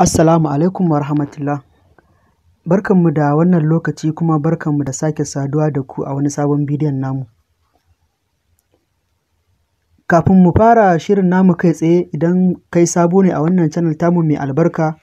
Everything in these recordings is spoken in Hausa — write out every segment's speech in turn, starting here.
Assalamu alaikum wa rahmatullah. Barkanmu da wannan lokaci kuma barkanmu da sake saduwa da ku a wani sabon bidiyon namu. Kafin mu fara shirin namu kai tsaye idan kai sabo ne a wannan channel tamu mai albarka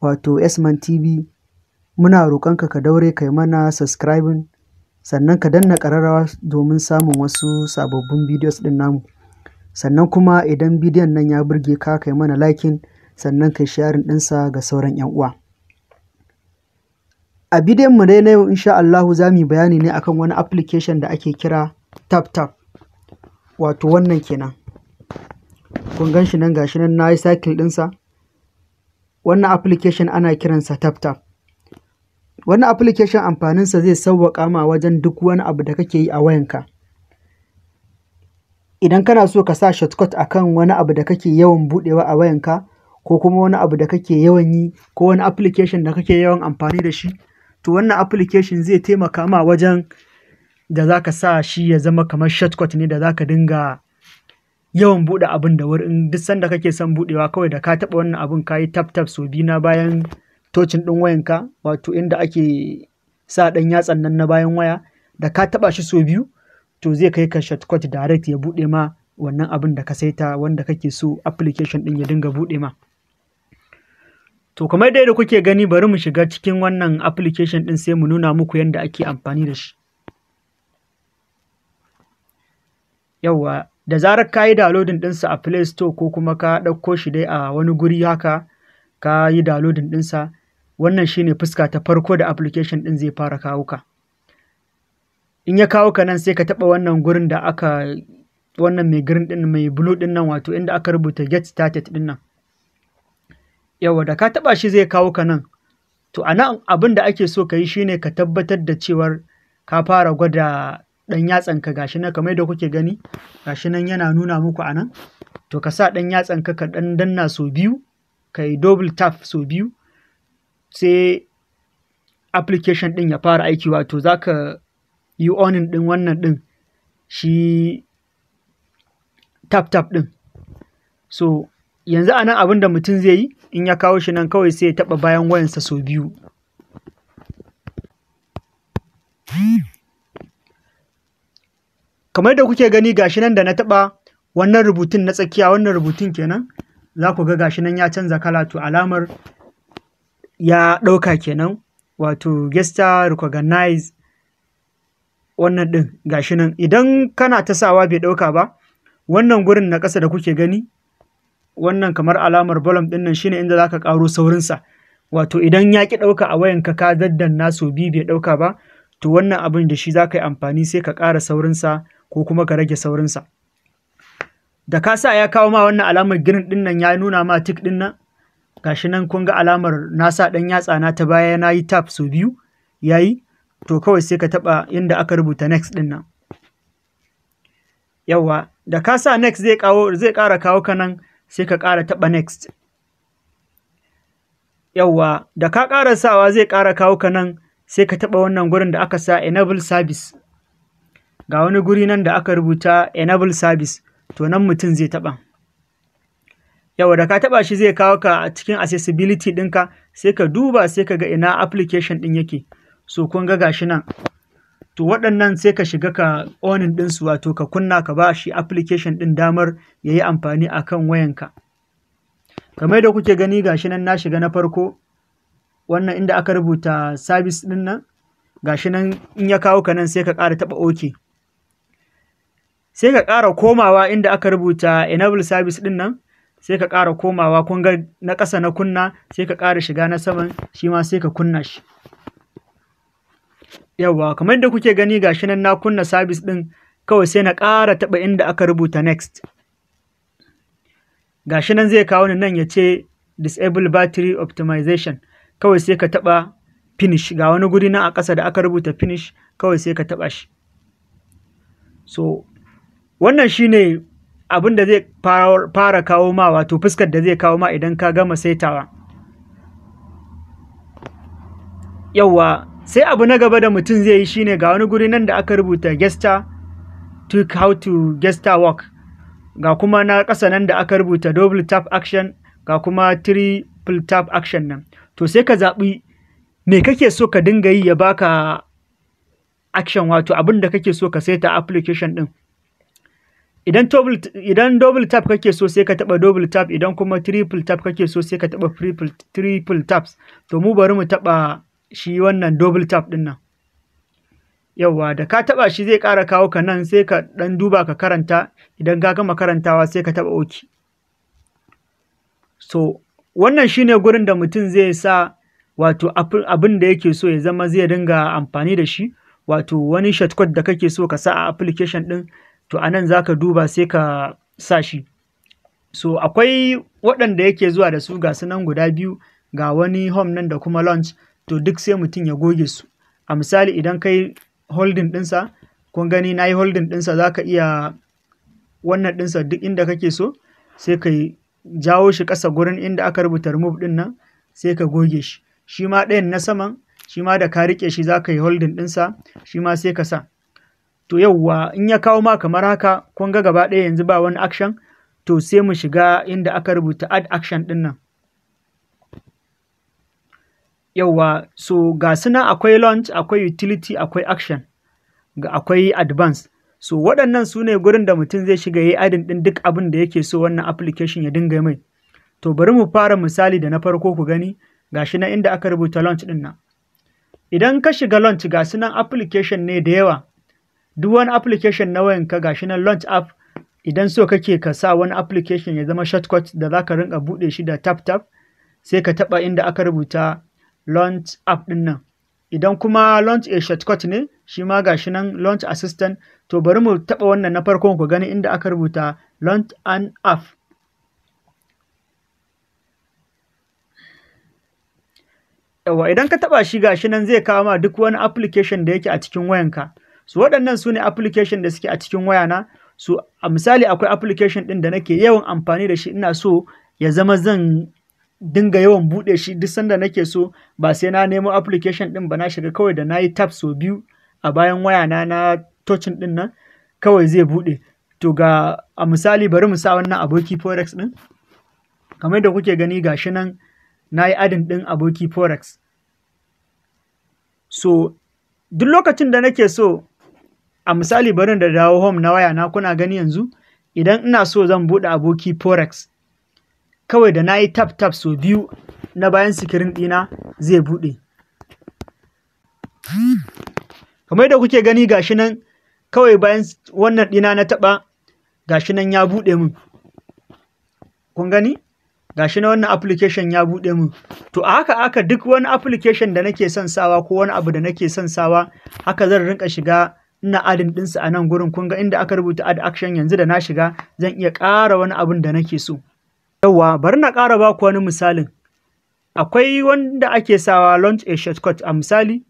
wato Esman TV muna roƙonka ka daure kai mana subscribing sannan ka danna ƙararrawa domin samun wasu sababbin bidiyos ɗin namu. Sannan kuma idan bidiyon nan ya burge ka kai mana liking sannan kai sharin ɗinsa ga sauran 'yan uwa. A bidiyon mu dai na yau insha Allahu za mu bayani ne akan wani application da ake kira TapTap wato wannan kenan. Kun gan shi nan gashi nan na yi cycle ɗinsa. Wannan application ana kiransa TapTap. Wannan application amfaninsa zai sauwaƙa ma wajen duk wani abu da kake yi a wayanka. Idan kana so ka sa shortcut akan wani abu da kake yawan buɗewa a wayanka, ko kuma wani abu da kake yawan yi ko wani application da kake yawan amfani da shi to wannan application zai taimaka ma wajen da za ka sa shi ya zama kamar shortcut ne da za ka dinga yawan buɗe abin da wurin duk sanda kake son buɗewa kawai da ka taɓa wannan abin ka yi tap tap so biyu na bayan tocin ɗin wayanka wato inda ake sa ɗan yatsan nan na bayan waya da ka taɓa shi so biyu to zai kai ka shortcut direct ya buɗe ma wannan abin da ka saita wanda kake so application din ya dinga buɗe ma. To kamar dai da kuke gani bari mu shiga cikin wannan application ɗin sai mu nuna muku yadda ake amfani da shi. Yawwa, da zarar ka yi downloading ɗinsa a Play Store ko kuma ka ɗauko shi dai a wani guri haka ka yi downloading ɗinsa, wannan shine fuska ta farko da application ɗin zai fara kawo ka. In ya kawo ka nan sai ka taɓa wannan gurin da aka wannan mai green ɗin mai blue ɗin nan wato inda aka rubuta get started ɗin nan. yawa da ka taɓa shi zai kawo ka nan to a nan abin da ake so ka yi shine ka tabbatar da cewar ka fara gwada ɗan yatsanka shi nan kamar da kuke gani ga shi nan yana nuna muku a nan to ka sa ɗan yatsanka ka ɗan danna so biyu ka yi double tap sau biyu sai application ɗin ya fara aiki wato za ka yi onin ɗin wannan ɗin shi tap tap ɗin so yanzu a nan abin da mutum zai yi in ya kawo shi nan kawai sai ya taɓa bayan wayansa sau biyu kamar da kuke gani gashi nan da na taɓa wannan rubutun na tsakiya wannan rubutun kenan za ku ga gashi nan ya canza kala to alamar ya ɗauka kenan wato gesta recognize wannan ɗin gashi nan idan kana ta sawa bai ɗauka ba wannan gurin na ƙasa da kuke gani wannan kamar alamar volume ɗin nan shine inda zaka ƙaro saurinsa wato idan ya ki ɗauka a wayanka ka daddanna so biyu bai ɗauka ba to wannan abin da shi zaka yi amfani sai ka ƙara saurinsa ko kuma ka rage saurinsa da ka sa ya kawo ma wannan alamar girin ɗin nan ya nuna ma tik ɗin nan gashi nan kun ga alamar nasa ɗan yatsa na ta baya na yi tap so biyu yayi to kawai sai ka taɓa inda aka rubuta next ɗin nan yawa da ka sa next zai kawo zai ƙara kawo kanan. sai ka ƙara taɓa next yawwa da ka ƙara sawa zai ƙara kawo ka nan sai ka taɓa wannan gurin da aka sa enable service ga wani guri nan da aka rubuta enable service to nan mutum zai taɓa Yawwa da ka taɓa shi zai kawo ka a cikin accessibility ɗinka sai ka duba sai ka ga ina application ɗin yake so kun ga gashi nan to waɗannan sai ka shiga ka onin ɗinsu wato ka kunna ka ba shi application ɗin damar ya yi amfani a kan wayanka kamar da kuke gani gashi nan na shiga na farko wannan inda aka rubuta service ɗin nan gashi nan in ya kawo ka nan sai ka ƙara taɓa ok sai ka ƙara komawa inda aka rubuta enable sabis ɗin nan sai ka ƙara komawa kun na ƙasa na kunna sai ka ƙara shiga na saman shi ma sai ka kunna shi Yawwa, kamar da kuke gani gashi nan na kunna sabis ɗin kawai sai na ƙara taɓa inda aka rubuta next. Gashi nan zai kawo ni nan ya ce disable battery optimization kawai sai ka taɓa finish ga wani guri nan a ƙasa da aka rubuta finish kawai sai ka taɓa shi. So, wannan shine abin da zai fara kawo ma wato fuskar da zai kawo ma idan ka gama saitawa. Yawwa, sai abu na gaba da mutum zai yi shine ga wani guri nan da aka rubuta gesta to how to gesta work ga kuma na ƙasa nan da aka rubuta double tap action ga kuma triple tap action nan to sai ka zaɓi me kake so ka dinga yi ya baka action wato abin da kake so ka saita application din idan idan double tap kake so sai ka taba double tap idan kuma triple tap kake so sai ka taba triple triple taps to mu bari mu taba shi wannan double tap ɗin nan yauwa da ka taɓa shi zai ƙara kawo ka nan sai ka ɗan duba ka karanta idan ka gama karantawa sai ka taba oki so wannan shine gurin da mutum zai sa wato abin da yake so ya zama zai dinga amfani da shi wato wani shortcut da kake so ka sa a application ɗin to anan za ka duba sai ka sa shi so akwai waɗanda yake zuwa da su ga sunan guda biyu ga wani home nan da kuma launch to duk sai mutum ya goge su a misali idan kai holding dinsa, kun gani na yi holding dinsa, za ka iya wannan dinsa, duk inda kake so sai ka jawo shi ƙasa gurin inda aka rubuta remove din nan sai ka goge shi shi ma ɗayan na saman shi ma da ka riƙe shi za ka yi holding dinsa, shi ma sai ka sa to yauwa in ya kawo ma kamar haka kun ga gaba ɗaya yanzu ba wani action to sai mu shiga inda aka rubuta add action din nan yauwa so ga suna akwai launch akwai utility akwai action ga akwai advance so waɗannan su ne gurin da mutum zai shiga yi adin ɗin duk abin da yake so wannan application ya dinga mai to bari mu fara misali da na farko ku gani ga shi na inda aka rubuta launch ɗin nan idan ka shiga launch ga sunan application ne da yawa duk wani application na wayanka shi nan launch app idan so kake ka sa wani application ya zama shortcut da za ka rinka buɗe shi da tap tap sai ka taɓa inda aka rubuta launch app ɗin nan idan kuma launch a shortcut ne shi ma gashi nan launch assistant to bari mu taɓa wannan na farkon ku gani inda aka rubuta launch an app yawa idan ka taɓa shi gashi nan zai kawo ma duk wani application da yake a cikin wayanka su waɗannan su ne application da suke a cikin wayana su a misali akwai application ɗin da nake yawan amfani da shi ina so ya zama zan dinga yawan buɗe shi duk sanda nake so ba sai na nemo application din ba na shiga kawai da na yi tap so biyu a bayan waya na na tocin din nan kawai zai buɗe to ga a misali bari mu sa wannan aboki forex din kamar da kuke gani gashi nan na yi adin din aboki forex so duk lokacin da nake so a misali barin da dawo home na waya na kuna gani yanzu idan ina so zan buɗe aboki forex kawai da na yi tap tap sau biyu na bayan sikirin ɗina zai buɗe kamar da kuke gani gashi nan kawai bayan wannan ɗina na taɓa gashi nan ya buɗe min kun gani gashi na wannan application ya buɗe min to a haka aka duk wani application da nake son sawa ko wani abu da nake son sawa haka zan rinka shiga ina adin ɗinsa a nan gurin kun ga inda aka rubuta ad action yanzu da na shiga zan iya ƙara wani abun da nake so Yawwa, bari na ƙara ba ku wani misalin. Akwai wanda ake sawa launch a shortcut a misali,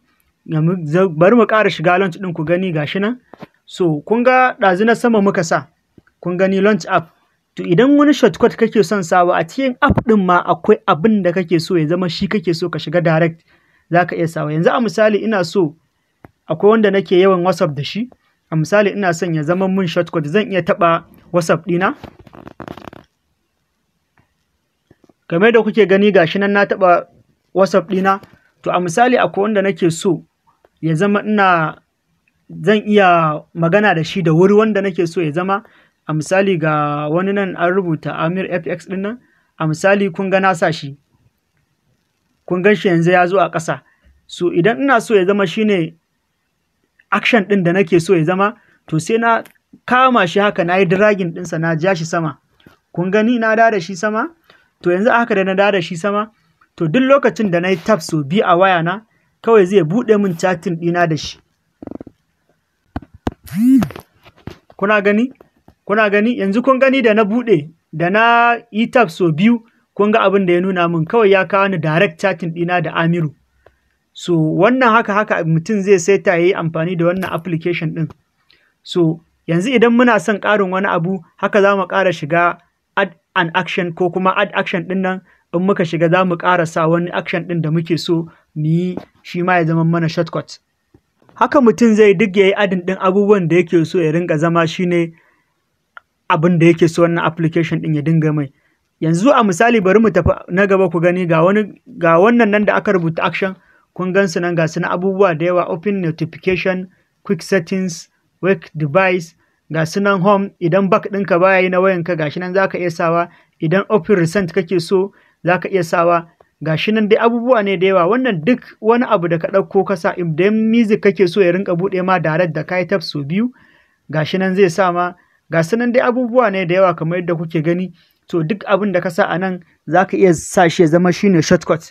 bari mu ƙara shiga launch ɗin ku gani ga shi nan. So, kun ga ɗazu na sama muka sa, kun gani launch app. To idan wani shortcut kake son sawa a cikin app ɗin ma akwai abin da kake so ya zama shi kake so ka shiga direct za ka iya sawa. Yanzu a misali ina so akwai wanda nake yawan WhatsApp da shi, a misali ina son ya zama min shortcut zan iya taɓa WhatsApp ɗina. kamar da kuke gani gashi nan na taɓa whatsapp ɗina to a misali akwai wanda nake so ya zama ina zan iya magana da shi da wuri wanda nake so ya zama a misali ga wani nan an rubuta amir fx ɗin nan a misali kun ga na sa shi kun gan shi yanzu ya zo a ƙasa so idan ina so ya zama shine action ɗin da nake so ya zama to sai na kama shi haka na yi dragging ɗinsa na ja shi sama kun gani na da da shi sama to yanzu haka da na dada shi sama to duk lokacin da na yi taf so biyu a waya na kawai zai buɗe min chatin ɗina da shi kuna gani kuna gani yanzu kun gani da na buɗe da na yi tab so biyu kun ga abin da ya nuna min kawai ya kawo ni direct chatin ɗina da amiru so wannan haka haka mutum zai saita ya yi amfani da wannan application ɗin so yanzu idan muna son ƙarin wani abu haka za mu ƙara shiga an action ko kuma add action ɗin nan in muka shiga za mu sa wani action ɗin da muke so mu yi shi ma ya zama mana shortcut haka mutum zai duk ya yi adin ɗin abubuwan da yake so ya ringa zama shi ne abin da yake so wannan application ɗin ya dinga mai yanzu a misali bari mu tafi na gaba ku gani ga ga wannan nan da aka rubuta action kun gan su nan ga su na abubuwa da yawa open notification quick settings wake device ga sunan home idan back ɗinka baya yi na wayanka gashi nan zaka iya sawa idan open recent kake so zaka iya sawa gashi nan dai abubuwa ne da yawa wannan duk wani abu da ka ɗauko sa idan music kake so ya rinka buɗe ma direct da kai tap so biyu gashi nan zai sa ma ga sunan dai abubuwa ne da yawa kamar yadda kuke gani to duk abin da ka sa a nan zaka iya sa shi ya zama shine shortcut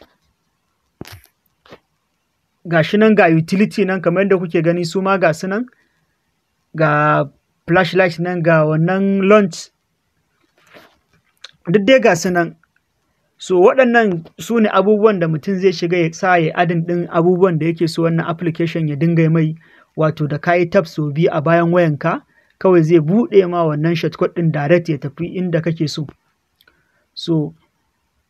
gashi nan ga utility nan kamar yadda kuke gani su ma ga sunan ga flashlight nan ga wannan launch duk dai ga su nan so waɗannan su ne abubuwan da mutum zai shiga ya sa ya adin ɗin abubuwan da yake so wannan application ya dinga mai wato da kayi tab so biyu a bayan wayanka kawai zai buɗe ma wannan shortcut ɗin direct ya tafi inda kake so so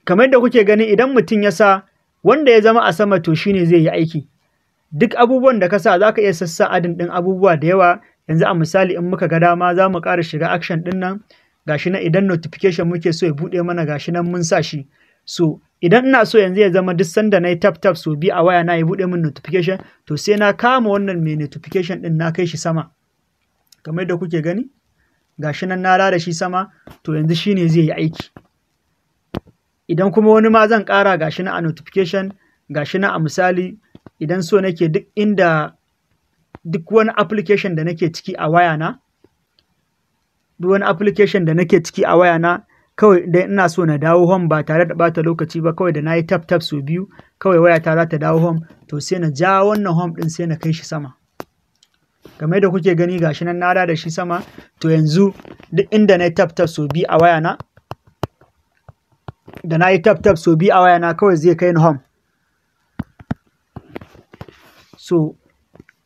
kamar da kuke gani idan mutum ya sa wanda ya zama a sama to shine zai yi aiki duk abubuwan da ka sa za ka iya sassa adin ɗin abubuwa da yawa yanzu a misali in muka ga dama za mu ƙara shiga action ɗin nan gashi na idan notification muke so ya buɗe mana gashi nan mun sa shi so idan ina so yanzu ya zama duk sanda na yi tap tap so bi a waya na ya buɗe min notification to sai na kama wannan mai notification ɗin na kai shi sama kamar yadda kuke gani gashi nan na rada shi sama to yanzu shine zai yi aiki idan kuma wani ma zan kara gashi na a notification gashi na a misali idan so nake duk inda duk wani application da nake ciki a na duk wani application da nake ciki a wayana kawai idan ina so na dawo home ba tare da bata lokaci ba kawai da nayi tap tap so biyu kawai wayata za ta dawo home to sai na ja wannan home din sai na kai shi sama game da kuke gani gashi nan na da shi sama to yanzu duk inda nayi tap tap so biyu a wayana da na tap tap so biyu a na kawai zai kai ni home so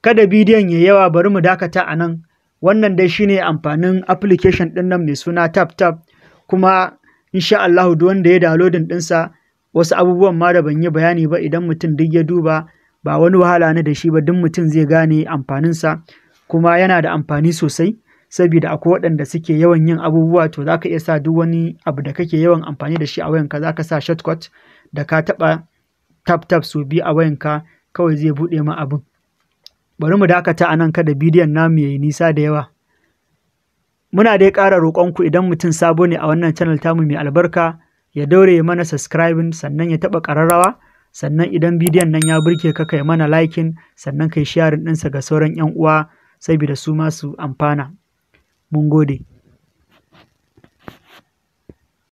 Kada bidiyon ya yawa bari mu dakata a nan, wannan dai shine amfanin application din nan mai suna TapTap kuma insha Allah duk wanda ya downloading ɗinsa wasu abubuwan ma da ban yi bayani ba idan mutum duk ya duba ba wani wahala ne da shi ba duk mutum zai gane amfaninsa kuma yana da amfani sosai saboda akwai waɗanda suke yawan yin abubuwa to zaka iya sa duk wani abu da kake yawan amfani da shi a wayanka za sa shortcut da ka taba tap tap su biyu a wayanka kawai zai buɗe ma abin bari mu dakata a nan kada bidiyon namu yayi nisa da yawa muna dai ƙara roƙonku idan mutum sabo ne a wannan channel tamu mai albarka ya daure ya mana subscribing sannan ya taɓa ƙararrawa sannan idan bidiyon nan ya burke ka kai mana likin sannan kai sharing ɗinsa ga sauran 'yan uwa saboda su masu amfana mun gode